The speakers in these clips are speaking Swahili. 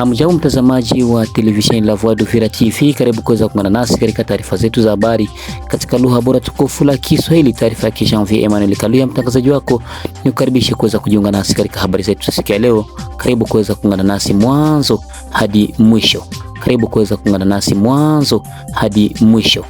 Hamjambo mtazamaji wa televisheni la Voix d'Uvira TV, karibu kuweza kuungana nasi katika taarifa zetu za habari katika lugha bora tukufu la Kiswahili. Taarifa yake Janvier Emmanuel Kaluya, mtangazaji wako, nikukaribisha kuweza kujiunga nasi katika habari zetu za siku ya leo. Karibu kuweza kuungana nasi mwanzo hadi mwisho. Karibu kuweza kuungana nasi mwanzo hadi mwisho.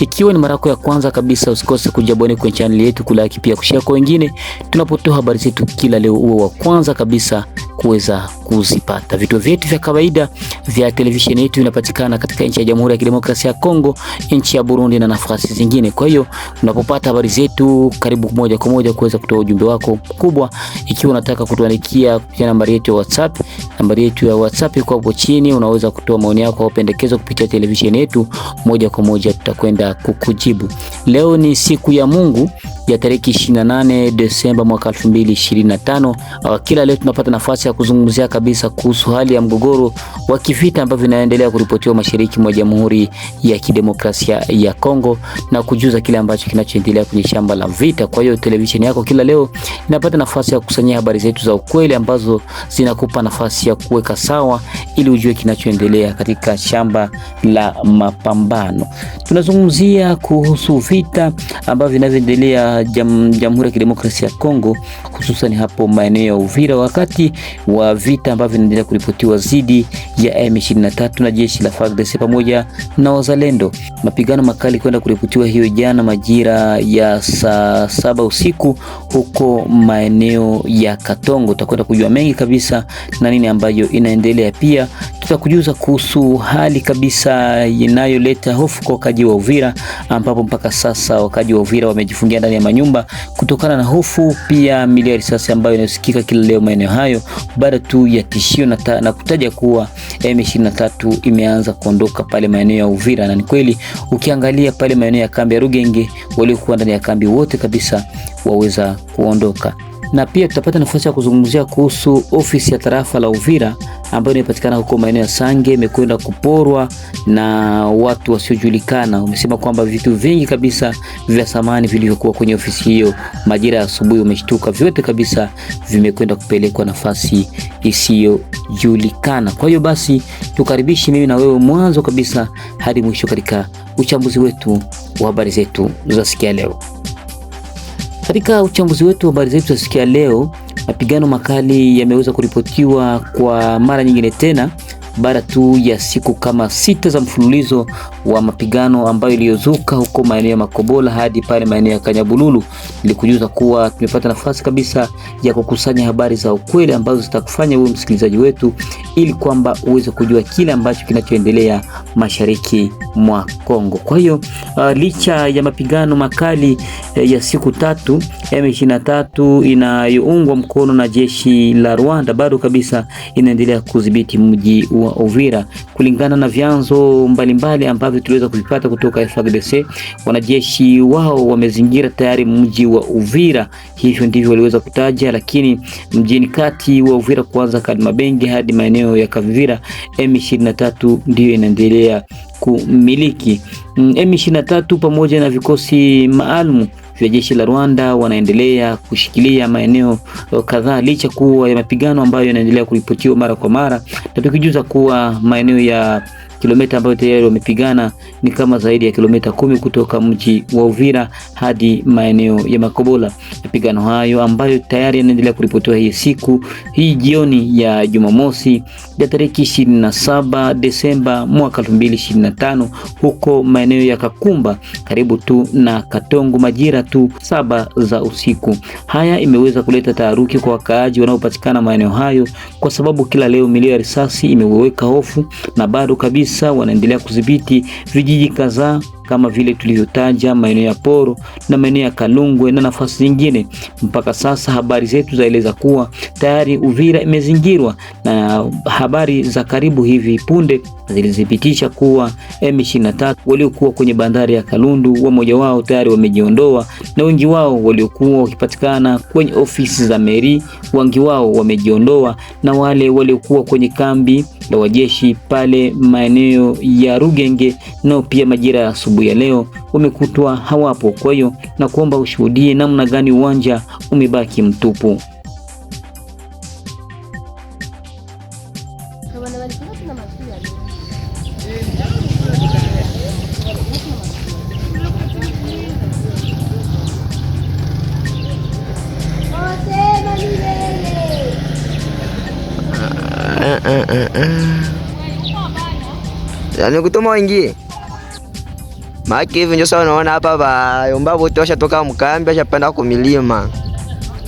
Ikiwa ni mara yako ya kwanza kabisa, usikose kujabone kwenye chaneli yetu, kulaki pia kushare kwa wengine tunapotoa habari zetu kila leo, uwe wa kwanza kabisa kuweza kuzipata. Vituo vyetu vya kawaida vya televisheni yetu vinapatikana katika nchi ya Jamhuri ya Kidemokrasia ya Kongo, nchi ya Burundi na nafasi zingine. Kwa hiyo unapopata habari zetu, karibu moja kwa moja kuweza kutoa ujumbe wako mkubwa. Ikiwa unataka kutuandikia kupitia nambari yetu ya WhatsApp, nambari yetu ya WhatsApp iko hapo chini, unaweza kutoa maoni yako au pendekezo kupitia televisheni yetu, moja kwa moja tutakwenda kukujibu. Leo ni siku ya Mungu ya tariki 28 Desemba mwaka 2025. Kila leo tunapata nafasi nafasi ya kuzungumzia kabisa kuhusu hali ya mgogoro wa kivita ambavyo inaendelea kuripotiwa mashariki mwa Jamhuri ya Kidemokrasia ya Kongo na kujuza kile ambacho kinachoendelea kwenye shamba la vita. Kwa hiyo televisheni yako kila leo inapata nafasi ya kukusanyia habari zetu za ukweli ambazo zinakupa nafasi ya kuweka sawa ili ujue kinachoendelea katika shamba la mapambano. Tunazungumzia kuhusu vita ambavyo vinavyoendelea Jamhuri ya Kidemokrasia ya Kongo hususan hapo maeneo ya Uvira wakati wa vita ambavyo vinaendelea kuripotiwa dhidi ya M23 na jeshi la FARDC pamoja na wazalendo. Mapigano makali kwenda kuripotiwa hiyo jana majira ya saa saba usiku huko maeneo ya Katongo. Tutakwenda kujua mengi kabisa na nini ambayo inaendelea, pia tutakujuza kuhusu hali kabisa inayoleta hofu kwa wakaji wa Uvira, ambapo mpaka sasa wakaji wa Uvira wamejifungia ndani ya manyumba kutokana na hofu, pia milio ya risasi ambayo inasikika kila leo maeneo hayo baada tu ya tishio na, na kutaja kuwa M23 imeanza kuondoka pale maeneo ya Uvira, na ni kweli ukiangalia pale maeneo ya kambi ya Rugenge, waliokuwa ndani ya kambi wote kabisa waweza kuondoka, na pia tutapata nafasi ya kuzungumzia kuhusu ofisi ya tarafa la Uvira ambayo inapatikana huko maeneo ya Sange imekwenda kuporwa na watu wasiojulikana. Wamesema kwamba vitu vingi kabisa vya samani vilivyokuwa kwenye ofisi hiyo majira ya asubuhi umeshtuka, vyote kabisa vimekwenda kupelekwa nafasi isiyojulikana. Kwa hiyo basi, tukaribishi mimi na wewe mwanzo kabisa hadi mwisho katika uchambuzi wetu wa habari zetu za sikia leo. Katika uchambuzi wetu wa habari zetu za sikia leo Mapigano makali yameweza kuripotiwa kwa mara nyingine tena baada tu ya siku kama sita za mfululizo wa mapigano ambayo iliyozuka huko maeneo ya Makobola hadi pale maeneo ya Kanyabululu. Nilikujuza kuwa tumepata nafasi kabisa ya kukusanya habari za ukweli ambazo zitakufanya wewe msikilizaji wetu, ili kwamba uweze kujua kile ambacho kinachoendelea mashariki mwa Kongo. Kwa hiyo uh, licha ya mapigano makali uh, ya siku tatu, M23 inayoungwa mkono na jeshi la Rwanda bado kabisa inaendelea kudhibiti mji wa Uvira kulingana na vyanzo mbalimbali ambavyo ambazo tuliweza kuzipata kutoka FARDC. Wanajeshi wao wamezingira tayari mji wa Uvira, hivyo ndivyo waliweza kutaja, lakini mjini kati wa Uvira kuanza kadi mabenge hadi maeneo ya Kavivira, M23 ndiyo inaendelea kumiliki. M23 pamoja na vikosi maalum vya jeshi la Rwanda wanaendelea kushikilia maeneo kadhaa licha kuwa ya mapigano ambayo yanaendelea kuripotiwa mara kwa mara, na tukijuza kuwa maeneo ya kilomita ambayo tayari wamepigana ni kama zaidi ya kilomita kumi kutoka mji wa Uvira hadi maeneo ya Makobola. Mapigano hayo ambayo tayari yanaendelea kuripotiwa hii siku hii jioni ya Jumamosi ya tarehe 27 Desemba mwaka 2025 huko maeneo ya Kakumba karibu tu na Katongo majira tu saba za usiku. Haya imeweza kuleta taharuki kwa wakaaji wanaopatikana maeneo hayo, kwa sababu kila leo milio ya risasi imeweka hofu na bado kabisa sasa wanaendelea kudhibiti vijiji kadhaa kama vile tulivyotaja maeneo ya Poro na maeneo ya Kalungwe na nafasi zingine. Mpaka sasa habari zetu zaeleza kuwa tayari Uvira imezingirwa na habari za karibu hivi punde zilizipitisha kuwa M23 waliokuwa kwenye bandari ya Kalundu wamoja wao tayari wamejiondoa, na wengi wao waliokuwa wakipatikana kwenye ofisi za meri, wengi wao wamejiondoa, na wale waliokuwa kwenye kambi la wajeshi pale maeneo ya Rugenge nao pia majira ya asubuhi asubuhi ya leo wamekutwa hawapo. Kwa hiyo na kuomba ushuhudie namna gani uwanja umebaki mtupu. Ah, ah, ah, Nikutuma yaani waingie Maki hivi ndio sasa unaona hapa bayombabu washatoka mkambi washapanda kumilima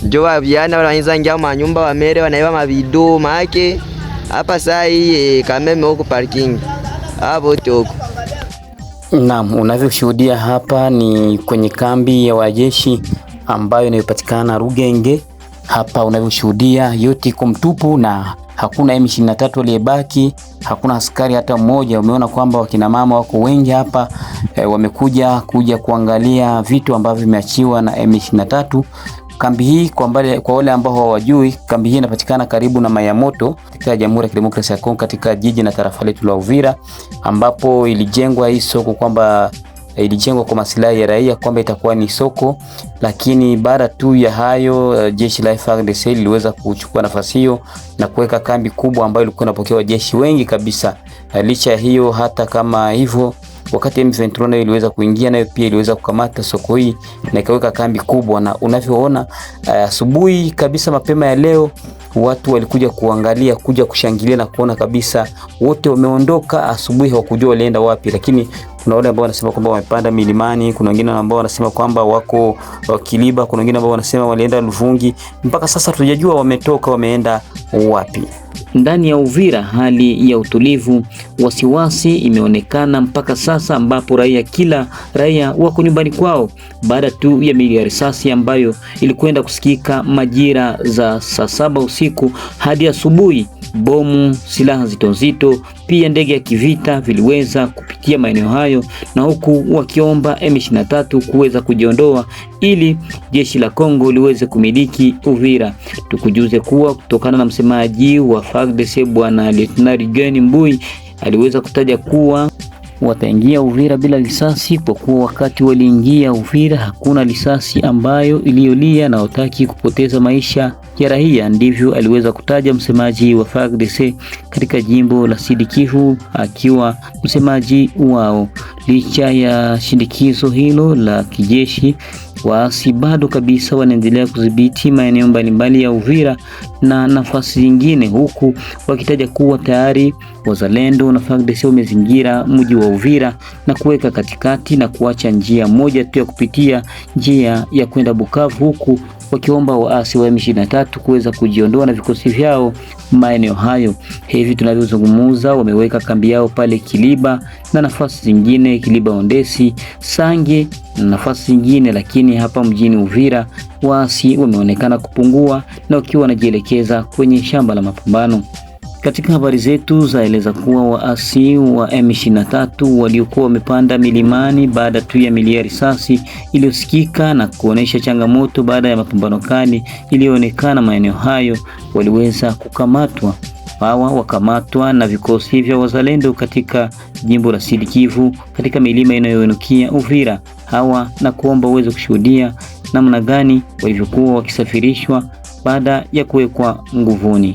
njo wavyana wanainza manyumba wamere wanaiva mavidu maki. hapa saa hii e, Kameme huku parking hapo huko. Naam, unavyoshuhudia hapa ni kwenye kambi ya wajeshi ambayo inayopatikana Rugenge. Hapa unavyoshuhudia yote iko mtupu na hakuna M23 aliyebaki, hakuna askari hata mmoja. Umeona kwamba wakina mama wako wengi hapa e, wamekuja kuja kuangalia vitu ambavyo vimeachiwa na M23. Kambi hii kwa mbali, kwa wale ambao hawajui, kambi hii inapatikana karibu na Mayamoto katika Jamhuri ya Kidemokrasia ya Kongo katika jiji na tarafa letu la Uvira ambapo ilijengwa hii soko kwamba ilijengwa kwa maslahi ya raia, kwamba itakuwa ni soko, lakini baada tu ya hayo eh, jeshi la FARDC liliweza kuchukua nafasi hiyo na kuweka kambi kubwa ambayo ilikuwa inapokea wajeshi wengi kabisa. Eh, licha ya hiyo, hata kama hivyo wakati M23 nayo iliweza kuingia nayo pia iliweza kukamata soko hii na ikaweka kambi kubwa, na unavyoona eh, asubuhi kabisa mapema ya leo watu walikuja kuangalia, kuja kushangilia na kuona kabisa, wote wameondoka. Asubuhi hawakujua walienda wapi, lakini kuna wale ambao wanasema kwamba wamepanda milimani, kuna wengine ambao wanasema kwamba wako uh, Kiliba, kuna wengine ambao wanasema walienda Luvungi. Mpaka sasa tujajua wametoka wameenda wapi. Ndani ya Uvira hali ya utulivu, wasiwasi imeonekana mpaka sasa, ambapo raia kila raia wako nyumbani kwao baada tu ya milio ya risasi ambayo ilikwenda kusikika majira za saa saba usiku hadi asubuhi bomu, silaha nzito nzito, pia ndege ya kivita viliweza kupitia maeneo hayo, na huku wakiomba M23 kuweza kujiondoa ili jeshi la Kongo liweze kumiliki Uvira. Tukujuze kuwa kutokana na msemaji wa FARDC bwana Lieutenant Gen Mbui aliweza kutaja kuwa wataingia Uvira bila risasi, kwa kuwa wakati waliingia Uvira hakuna risasi ambayo iliyolia na wataki kupoteza maisha ya raia. Ndivyo aliweza kutaja msemaji wa FARDC katika jimbo la Sidikivu akiwa msemaji wao. Licha ya shindikizo hilo la kijeshi Waasi bado kabisa wanaendelea kudhibiti maeneo mbalimbali ya Uvira na nafasi zingine, huku wakitaja kuwa tayari wazalendo na FARDC wamezingira mji wa Uvira na kuweka katikati na kuacha njia moja tu ya kupitia, njia ya kwenda Bukavu huku wakiomba waasi wa M23 kuweza kujiondoa na vikosi vyao maeneo hayo. Hivi tunavyozungumza, wameweka kambi yao pale Kiliba na nafasi zingine Kiliba, Ondesi, Sange na nafasi zingine, lakini hapa mjini Uvira waasi wameonekana kupungua na wakiwa wanajielekeza kwenye shamba la mapambano. Katika habari zetu zaeleza kuwa waasi wa M23 waliokuwa wamepanda milimani baada tu ya milio ya risasi iliyosikika na kuonesha changamoto baada ya mapambano kali iliyoonekana maeneo hayo waliweza kukamatwa. Hawa wakamatwa na vikosi vya wazalendo katika jimbo la Sud Kivu katika milima inayoinukia Uvira. Hawa na kuomba uweze kushuhudia namna gani walivyokuwa wakisafirishwa baada ya kuwekwa nguvuni.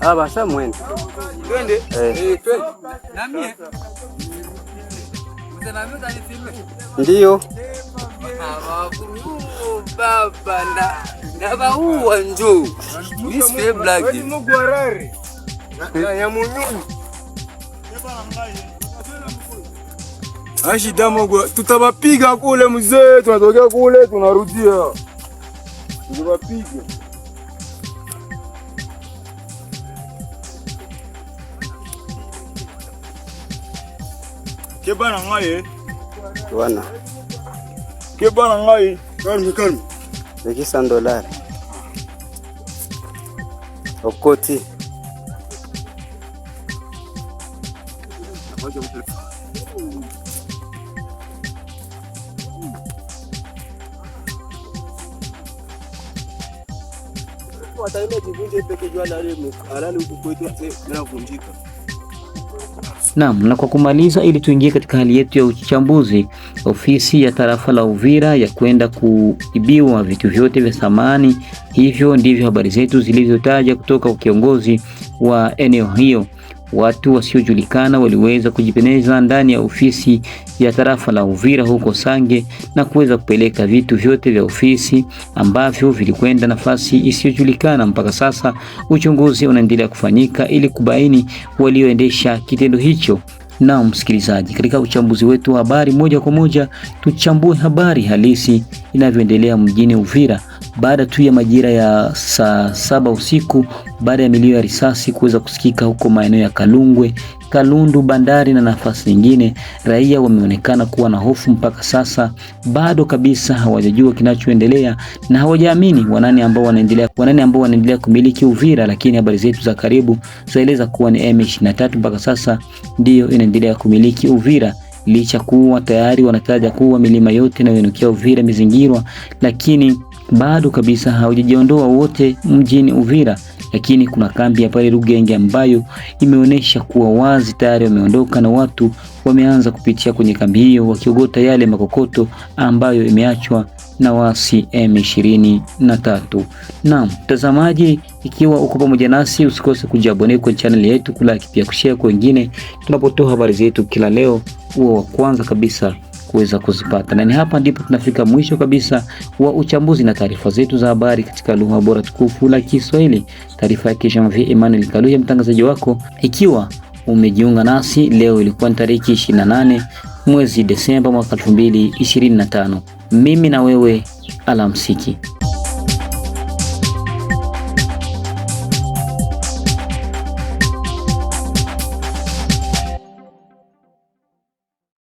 Ah, basa mwende. Twende. Eh, eh twende. Eh. Ndio. Baba eh, na na bauwa njoo. Mimi black. Mungu harare. ya munyunyu. Ashida ah, Mungu, tutabapiga kule mzee, tunatokea kule tunarudia. Tutabapiga. Kebana ngai. Bwana. Kebana ngai. Kalmi kalmi. Deki san dollar. Okoti. Wataenda kivunje peke jua na leo. Alali huko kwetu mnavunjika. Naam, na kwa kumaliza, ili tuingie katika hali yetu ya uchambuzi, ofisi ya tarafa la Uvira ya kwenda kuibiwa vitu vyote vya thamani. Hivyo ndivyo habari zetu zilivyotaja kutoka kwa kiongozi wa eneo hiyo. Watu wasiojulikana waliweza kujipeneza ndani ya ofisi ya tarafa la Uvira huko Sange na kuweza kupeleka vitu vyote vya ofisi ambavyo vilikwenda nafasi isiyojulikana mpaka sasa. Uchunguzi unaendelea kufanyika ili kubaini walioendesha kitendo hicho. Na msikilizaji, katika uchambuzi wetu wa habari moja kwa moja, tuchambue habari halisi inavyoendelea mjini Uvira baada tu ya majira ya saa saba usiku baada ya milio ya risasi kuweza kusikika huko maeneo ya Kalungwe, Kalundu, bandari na nafasi nyingine, raia wameonekana kuwa na hofu mpaka sasa, bado kabisa hawajajua kinachoendelea na hawajaamini wanani ambao wanaendelea wanani ambao wanaendelea kumiliki Uvira, lakini habari zetu za karibu zaeleza kuwa ni M23 mpaka sasa ndiyo inaendelea kumiliki Uvira licha kuwa tayari wanataja kuwa milima yote inayoinukia Uvira imezingirwa, lakini bado kabisa haujajiondoa wote mjini Uvira, lakini kuna kambi ya pale Rugenge ambayo imeonyesha kuwa wazi tayari wameondoka na watu wameanza kupitia kwenye kambi hiyo wakiogota yale makokoto ambayo imeachwa na wasi M23. Naam, mtazamaji, ikiwa uko pamoja nasi, usikose kujiabone kwenye channel yetu, kulike pia kushare kwa wengine, tunapotoa habari zetu kila leo, uwe wa kwanza kabisa kuweza kuzipata. Na ni hapa ndipo tunafika mwisho kabisa wa uchambuzi na taarifa zetu za habari katika lugha bora tukufu la Kiswahili. Taarifa ya kesho Emmanuel Kaluya, mtangazaji wako. Ikiwa umejiunga nasi leo, ilikuwa ni tariki 28 mwezi Desemba mwaka 2025. Mimi na wewe alamsiki.